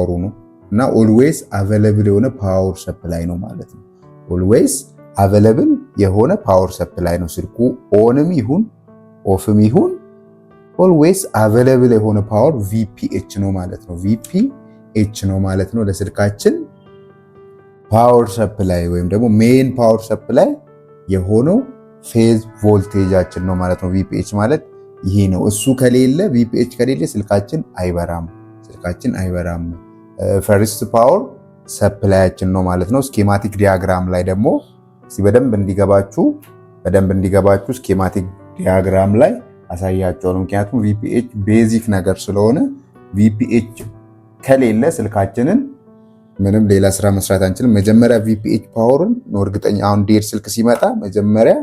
ፓወሩ ነው እና ኦልዌይስ አቬለብል የሆነ ፓወር ሰፕላይ ነው ማለት ነው። ኦልዌይስ አቬለብል የሆነ ፓወር ሰፕላይ ነው ስልኩ ኦንም ይሁን ኦፍም ይሁን ኦልዌይስ አቬለብል የሆነ ፓወር ቪፒኤች ነው ማለት ነው። ቪፒኤች ነው ማለት ነው። ለስልካችን ፓወር ሰፕላይ ወይም ደግሞ ሜን ፓወር ሰፕላይ የሆነው ፌዝ ቮልቴጃችን ነው ማለት ነው። ቪፒኤች ማለት ይሄ ነው። እሱ ከሌለ ቪፒኤች ከሌለ ስልካችን አይበራም፣ ስልካችን አይበራም። ፈርስት ፓወር ሰፕላያችን ነው ማለት ነው። ስኬማቲክ ዲያግራም ላይ ደግሞ በደንብ እንዲገባችሁ በደንብ እንዲገባችሁ ስኬማቲክ ዲያግራም ላይ ነው ምክንያቱም ቪፒኤች ቤዚክ ነገር ስለሆነ ቪፒኤች ከሌለ ስልካችንን ምንም ሌላ ስራ መስራት አንችልም። መጀመሪያ ቪፒኤች ፓወርን ነው እርግጠኛ አሁን ዴድ ስልክ ሲመጣ መጀመሪያ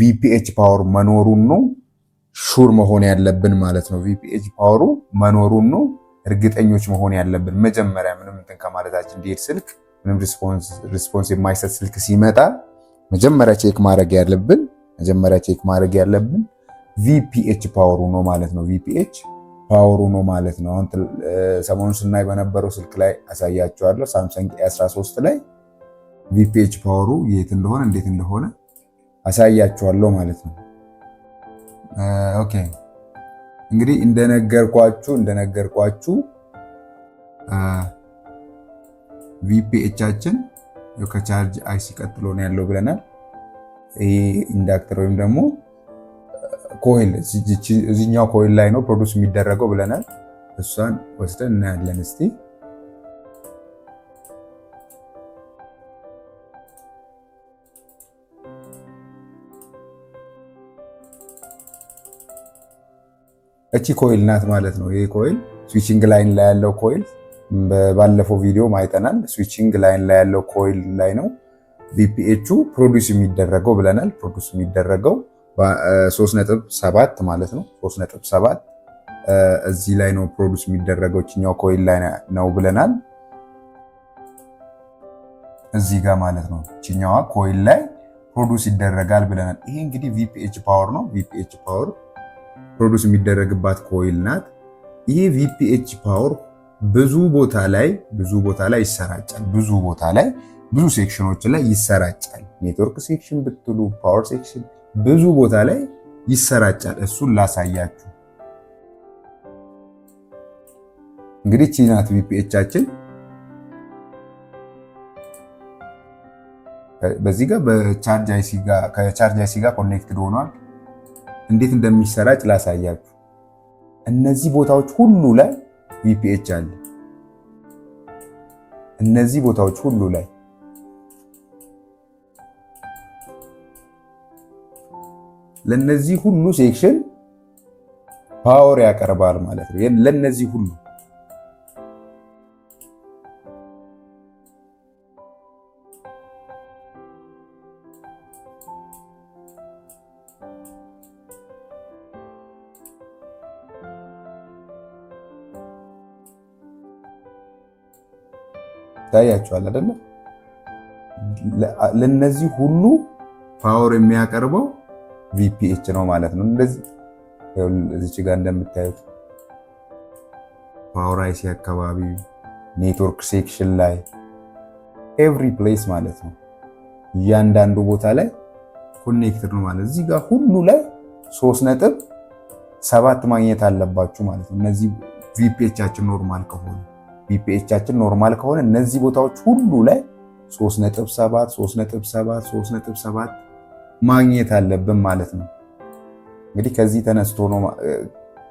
ቪፒኤች ፓወር መኖሩን ነው ሹር መሆን ያለብን ማለት ነው። ቪፒኤች ፓወሩ መኖሩን ነው እርግጠኞች መሆን ያለብን መጀመሪያ ምንም እንትን ከማለታችን እንዲሄድ ስልክ ምንም ሪስፖንስ የማይሰጥ ስልክ ሲመጣ መጀመሪያ ቼክ ማድረግ ያለብን መጀመሪያ ቼክ ማድረግ ያለብን ቪፒኤች ፓወሩ ነው ማለት ነው። ቪፒኤች ፓወሩ ነው ማለት ነው። አሁን ሰሞኑን ስናይ በነበረው ስልክ ላይ አሳያችኋለሁ። ሳምሰንግ ኤ13 ላይ ቪፒኤች ፓወሩ የት እንደሆነ እንዴት እንደሆነ አሳያችኋለሁ ማለት ነው። ኦኬ እንግዲህ እንደነገርኳችሁ እንደነገርኳችሁ ቪፒኤቻችን ከቻርጅ አይሲ ቀጥሎ ነው ያለው ብለናል። ይህ ኢንዳክተር ወይም ደግሞ ኮይል እዚኛው ኮይል ላይ ነው ፕሮዱስ የሚደረገው ብለናል። እሷን ወስደን እናያለን እስቲ እቺ ኮይል ናት ማለት ነው። ይህ ኮይል ስዊቺንግ ላይን ላይ ያለው ኮይል ባለፈው ቪዲዮ ማይጠናል። ስዊቺንግ ላይን ላይ ያለው ኮይል ላይ ነው ቪፒኤቹ ፕሮዲስ የሚደረገው ብለናል። ፕሮዲስ የሚደረገው 3.7 ማለት ነው። 3.7 እዚህ ላይ ነው ፕሮዲስ የሚደረገው እችኛው ኮይል ላይ ነው ብለናል። እዚህ ጋር ማለት ነው እችኛዋ ኮይል ላይ ፕሮዲስ ይደረጋል ብለናል። ይሄ እንግዲህ ቪፒኤች ፓወር ነው። ቪፒኤች ፓወር ፕሮዲስ የሚደረግባት ኮይል ናት። ይሄ ቪፒኤች ፓወር ብዙ ቦታ ላይ ብዙ ቦታ ላይ ይሰራጫል። ብዙ ቦታ ላይ ብዙ ሴክሽኖች ላይ ይሰራጫል። ኔትወርክ ሴክሽን ብትሉ ፓወር ሴክሽን ብዙ ቦታ ላይ ይሰራጫል። እሱን ላሳያችሁ። እንግዲህ ቺ ናት ቪፒኤቻችን። በዚህ ጋር ከቻርጅ አይሲ ጋር ኮኔክትድ ሆኗል። እንዴት እንደሚሰራጭ ላሳያችሁ። እነዚህ ቦታዎች ሁሉ ላይ ቪፒኤች አለ። እነዚህ ቦታዎች ሁሉ ላይ ለነዚህ ሁሉ ሴክሽን ፓወር ያቀርባል ማለት ነው። ለነዚህ ሁሉ ታያቸዋል አይደለ? ለነዚህ ሁሉ ፓወር የሚያቀርበው ቪፒኤች ነው ማለት ነው። እንደዚህ እዚች ጋር እንደምታዩት ፓወር አይሲ አካባቢ ኔትወርክ ሴክሽን ላይ ኤቭሪ ፕሌስ ማለት ነው። እያንዳንዱ ቦታ ላይ ኮኔክትድ ነው ማለት እዚህ ጋር ሁሉ ላይ ሶስት ነጥብ ሰባት ማግኘት አለባችሁ ማለት ነው። እነዚህ ቪፒኤቻችን ኖርማል ከሆኑ ቢፒኤቻችን ኖርማል ከሆነ እነዚህ ቦታዎች ሁሉ ላይ 3.7 3.7 3.7 ማግኘት አለብን ማለት ነው። እንግዲህ ከዚህ ተነስቶ ነው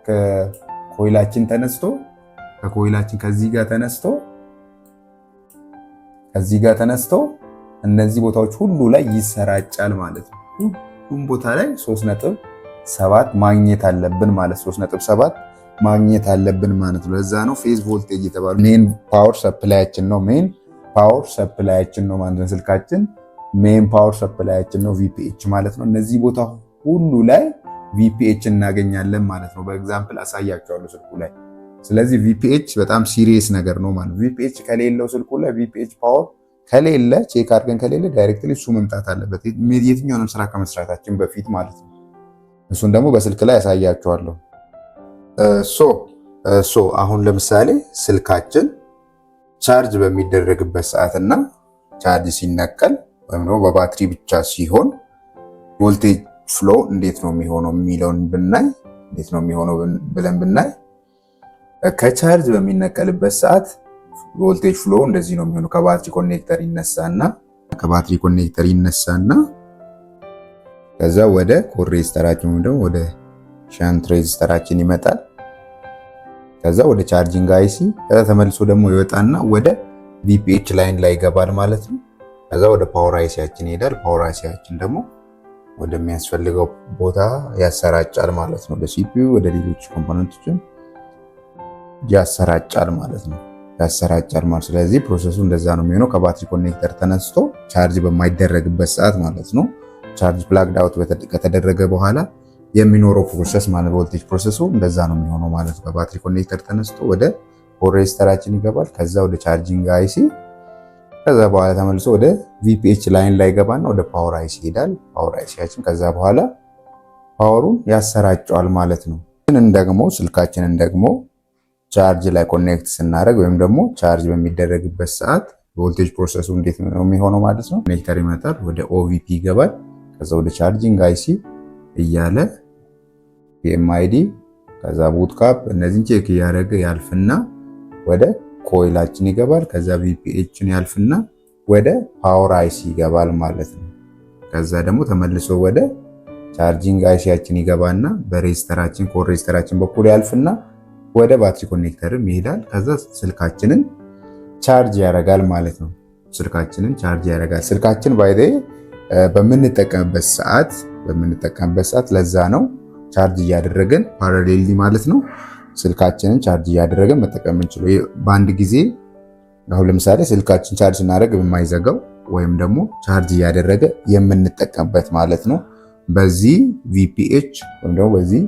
ከኮይላችን ተነስቶ ከኮይላችን ከዚህ ጋር ተነስቶ ከዚህ ጋር ተነስቶ እነዚህ ቦታዎች ሁሉ ላይ ይሰራጫል ማለት ነው። ሁሉም ቦታ ላይ 3.7 ማግኘት አለብን ማለት 3.7 ማግኘት አለብን ማለት ነው። ለዛ ነው ፌዝ ቮልቴጅ የተባሉ ሜን ፓወር ሰፕላያችን ነው። ሜን ፓወር ሰፕላያችን ነው ማለት ነው። ስልካችን ሜን ፓወር ሰፕላያችን ነው ቪፒኤች ማለት ነው። እነዚህ ቦታ ሁሉ ላይ ቪፒኤች እናገኛለን ማለት ነው። በኤግዛምፕል አሳያቸዋለሁ ስልኩ ላይ። ስለዚህ ቪፒኤች በጣም ሲሪየስ ነገር ነው ማለት ነው። ቪፒኤች ከሌለው ስልኩ ላይ ቪፒኤች ፓወር ከሌለ ቼክ አድርገን ከሌለ ዳይሬክትሊ እሱ መምጣት አለበት የትኛውንም ስራ ከመስራታችን በፊት ማለት ነው። እሱን ደግሞ በስልክ ላይ ያሳያቸዋለሁ። ሶ ሶ አሁን ለምሳሌ ስልካችን ቻርጅ በሚደረግበት ሰዓት እና ቻርጅ ሲነቀል ወይም ደግሞ በባትሪ ብቻ ሲሆን ቮልቴጅ ፍሎ እንዴት ነው የሚሆነው የሚለውን ብናይ እንዴት ነው የሚሆነው ብለን ብናይ ከቻርጅ በሚነቀልበት ሰዓት ቮልቴጅ ፍሎ እንደዚህ ነው የሚሆነው። ከባትሪ ኮኔክተር ይነሳና ከባትሪ ኮኔክተር ይነሳና ከዛ ወደ ኮሬጅ ደግሞ ወደ ሸንት ሬዚስተራችን ይመጣል። ከዛ ወደ ቻርጂንግ አይሲ፣ ከዛ ተመልሶ ደግሞ ይወጣና ወደ ቪፒኤች ላይን ላይ ይገባል ማለት ነው። ከዛ ወደ ፓወር አይሲያችን ይሄዳል። ፓወር አይሲያችን ደግሞ ወደሚያስፈልገው ቦታ ያሰራጫል ማለት ነው። ለሲፒዩ ወደ ሌሎች ኮምፖነንቶችም ያሰራጫል ማለት ነው ያሰራጫል ማለት ስለዚህ ፕሮሰሱ እንደዛ ነው የሚሆነው። ከባትሪ ኮኔክተር ተነስቶ ቻርጅ በማይደረግበት ሰዓት ማለት ነው። ቻርጅ ፕላግድ አውት ከተደረገ በኋላ የሚኖረው ፕሮሰስ ማለት ቮልቴጅ ፕሮሰሱ እንደዛ ነው የሚሆነው ማለት ነው። በባትሪ ኮኔክተር ተነስቶ ወደ ሆል ሬጅስተራችን ይገባል። ከዛ ወደ ቻርጂንግ አይሲ፣ ከዛ በኋላ ተመልሶ ወደ ቪፒኤች ላይን ላይ ይገባና ወደ ፓወር አይሲ ይሄዳል። ፓወር አይሲያችን ከዛ በኋላ ፓወሩን ያሰራጨዋል ማለት ነው። ይህንን ደግሞ ስልካችንን ደግሞ ቻርጅ ላይ ኮኔክት ስናደርግ ወይም ደግሞ ቻርጅ በሚደረግበት ሰዓት ቮልቴጅ ፕሮሰሱ እንዴት ነው የሚሆነው ማለት ነው። ኮኔክተር ይመጣል፣ ወደ ኦቪፒ ይገባል። ከዛ ወደ ቻርጂንግ አይሲ እያለ ፒኤምአይዲ ከዛ ቡትካፕ እነዚህን ቼክ እያደረገ ያልፍና ወደ ኮይላችን ይገባል። ከዛ ቪፒኤችን ያልፍና ወደ ፓወር አይሲ ይገባል ማለት ነው። ከዛ ደግሞ ተመልሶ ወደ ቻርጂንግ አይሲያችን ይገባና በሬጅስተራችን ኮር ሬጅስተራችን በኩል ያልፍና ወደ ባትሪ ኮኔክተርም ይሄዳል። ከዛ ስልካችንን ቻርጅ ያደርጋል ማለት ነው። ስልካችንን ቻርጅ ያደርጋል። ስልካችን ባይ በምንጠቀምበት ሰዓት በምንጠቀምበት ሰዓት ለዛ ነው ቻርጅ እያደረገን ፓራሌል ማለት ነው ስልካችንን ቻርጅ እያደረገን መጠቀም የምንችለው በአንድ ጊዜ አሁን ለምሳሌ ስልካችን ቻርጅ ስናደርግ የማይዘጋው ወይም ደግሞ ቻርጅ እያደረገ የምንጠቀምበት ማለት ነው። በዚህ ቪፒኤች ወይም ደግሞ በዚህ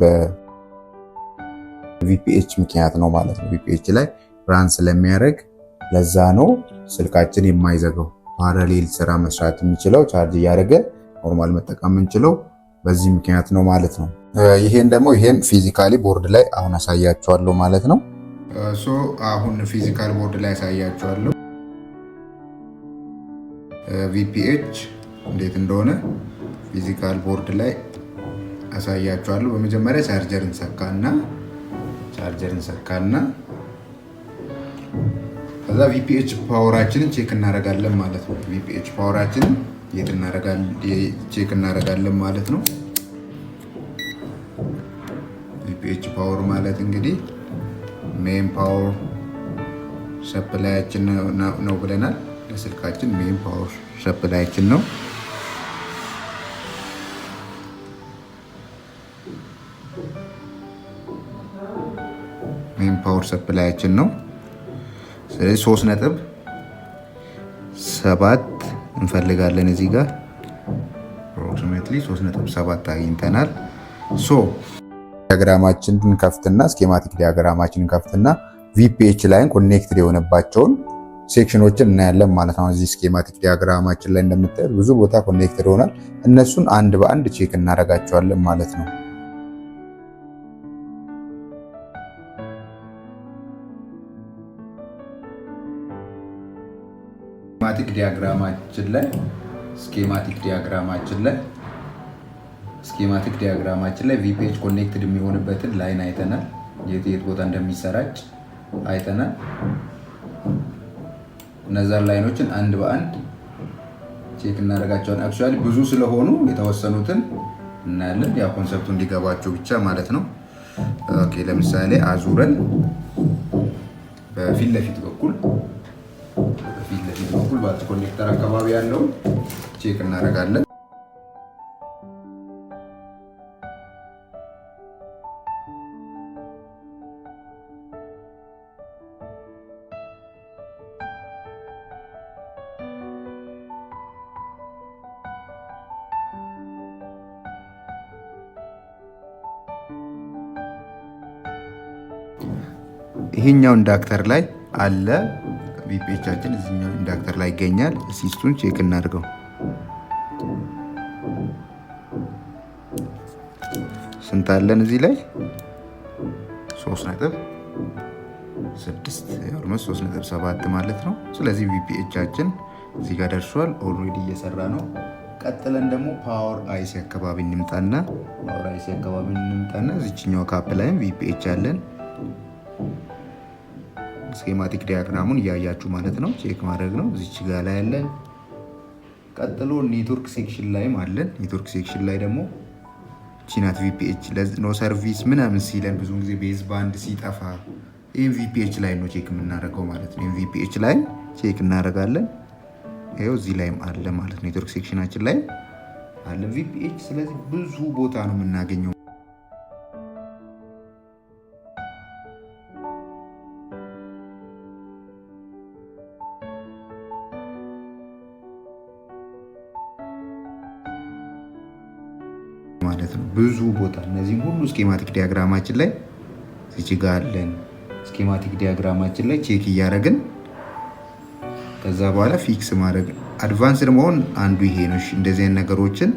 በቪፒኤች ምክንያት ነው ማለት ነው። ቪፒኤች ላይ ራን ስለሚያደርግ ለዛ ነው ስልካችን የማይዘጋው። ፓራሌል ስራ መስራት የሚችለው ቻርጅ እያደረገ ኖርማል መጠቀም የምንችለው በዚህ ምክንያት ነው ማለት ነው። ይሄን ደግሞ ይሄን ፊዚካሊ ቦርድ ላይ አሁን አሳያችኋለሁ ማለት ነው። ሶ አሁን ፊዚካል ቦርድ ላይ አሳያችኋለሁ ቪፒኤች እንዴት እንደሆነ ፊዚካል ቦርድ ላይ አሳያችኋለሁ። በመጀመሪያ ቻርጀር እንሰካና ቻርጀር እንሰካና ከዛ ቪፒኤች ፓወራችንን ቼክ እናደርጋለን ማለት ነው። ቪፒኤች ፓወራችንን ቼክ እናደርጋለን ማለት ነው። ፒኤች ፓወር ማለት እንግዲህ ሜን ፓወር ሰፕላያችን ነው ብለናል። ለስልካችን ሜን ፓወር ሰፕላያችን ነው። ሜን ፓወር ሰፕላያችን ነው። ስለዚህ ሶስት ነጥብ ሰባት እንፈልጋለን። እዚህ ጋር አፕሮክሲሜትሊ 3.7 አግኝተናል። ሶ ዲያግራማችንን ከፍትና ስኬማቲክ ዲያግራማችንን ከፍትና ቪፒኤች ላይን ኮኔክትድ የሆነባቸውን ሴክሽኖችን እናያለን ማለት ነው። እዚህ ስኬማቲክ ዲያግራማችን ላይ እንደምታዩት ብዙ ቦታ ኮኔክትድ ይሆናል። እነሱን አንድ በአንድ ቼክ እናደርጋቸዋለን ማለት ነው። ዲያግራማችን ላይ ስኬማቲክ ዲያግራማችን ላይ ስኬማቲክ ዲያግራማችን ላይ ቪፒኤች ኮኔክትድ የሚሆንበትን ላይን አይተናል። የት የት ቦታ እንደሚሰራጭ አይተናል። እነዛን ላይኖችን አንድ በአንድ ቼክ እናደርጋቸዋለን። አክቹዋሊ ብዙ ስለሆኑ የተወሰኑትን እናያለን። ያ ኮንሰፕቱ እንዲገባቸው ብቻ ማለት ነው። ኦኬ ለምሳሌ አዙረን በፊት ለፊት በኩል ታች ኮኔክተር አካባቢ ያለው ቼክ እናደርጋለን። ይሄኛው ኢንዳክተር ላይ አለ ቪፒኤቻችን እዚኛው ኢንዳክተር ላይ ይገኛል። ሲስቱን ቼክ እናድርገው። ስንት አለን እዚህ ላይ? ሶስት ነጥብ ስድስት ኦልሞስት ሶስት ነጥብ ሰባት ማለት ነው። ስለዚህ ቪፒኤቻችን እዚህ ጋር ደርሷል። ኦልሬዲ እየሰራ ነው። ቀጥለን ደግሞ ፓወር አይሲ አካባቢ እንምጣና ፓወር አይሲ አካባቢ እንምጣና እዚችኛው ካፕ ላይም ቪፒኤች አለን። ስኬማቲክ ዲያግራሙን እያያችሁ ማለት ነው ቼክ ማድረግ ነው። እዚች ጋ ላይ ያለን ቀጥሎ ኔትወርክ ሴክሽን ላይም አለን። ኔትወርክ ሴክሽን ላይ ደግሞ ቺናት ቪፒኤች ኖ ሰርቪስ ምናምን ሲለን ብዙ ጊዜ ቤዝ ባንድ ሲጠፋ ይህም ላይ ነው ቼክ የምናደርገው ማለት ነው። ይህም ላይ ቼክ እናደርጋለን። ይኸው እዚህ ላይም አለ ማለት ነው። ኔትወርክ ሴክሽናችን ላይ አለ ቪፒኤች። ስለዚህ ብዙ ቦታ ነው የምናገኘው። ማለት ነው። ብዙ ቦታ እነዚህም ሁሉ ስኬማቲክ ዲያግራማችን ላይ ስችጋለን ስኬማቲክ ዲያግራማችን ላይ ቼክ እያደረግን ከዛ በኋላ ፊክስ ማድረግ አድቫንስድ መሆን አንዱ ይሄ ነው። እንደዚህ ነገሮችን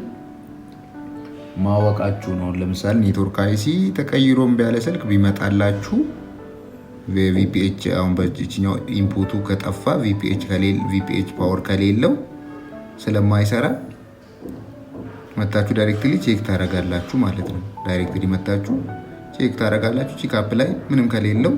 ማወቃችሁ ነው። ለምሳሌ ኔትወርክ አይሲ ተቀይሮም ቢያለ ስልክ ቢመጣላችሁ ቪፒኤች አሁን በችኛው ኢንፑቱ ከጠፋ ቪፒኤች ፓወር ከሌለው ስለማይሰራ መታችሁ ዳይሬክትሊ ቼክ ታደርጋላችሁ ማለት ነው። ዳይሬክትሊ መታችሁ ቼክ ታደርጋላችሁ። ቼክአፕ ላይ ምንም ከሌለው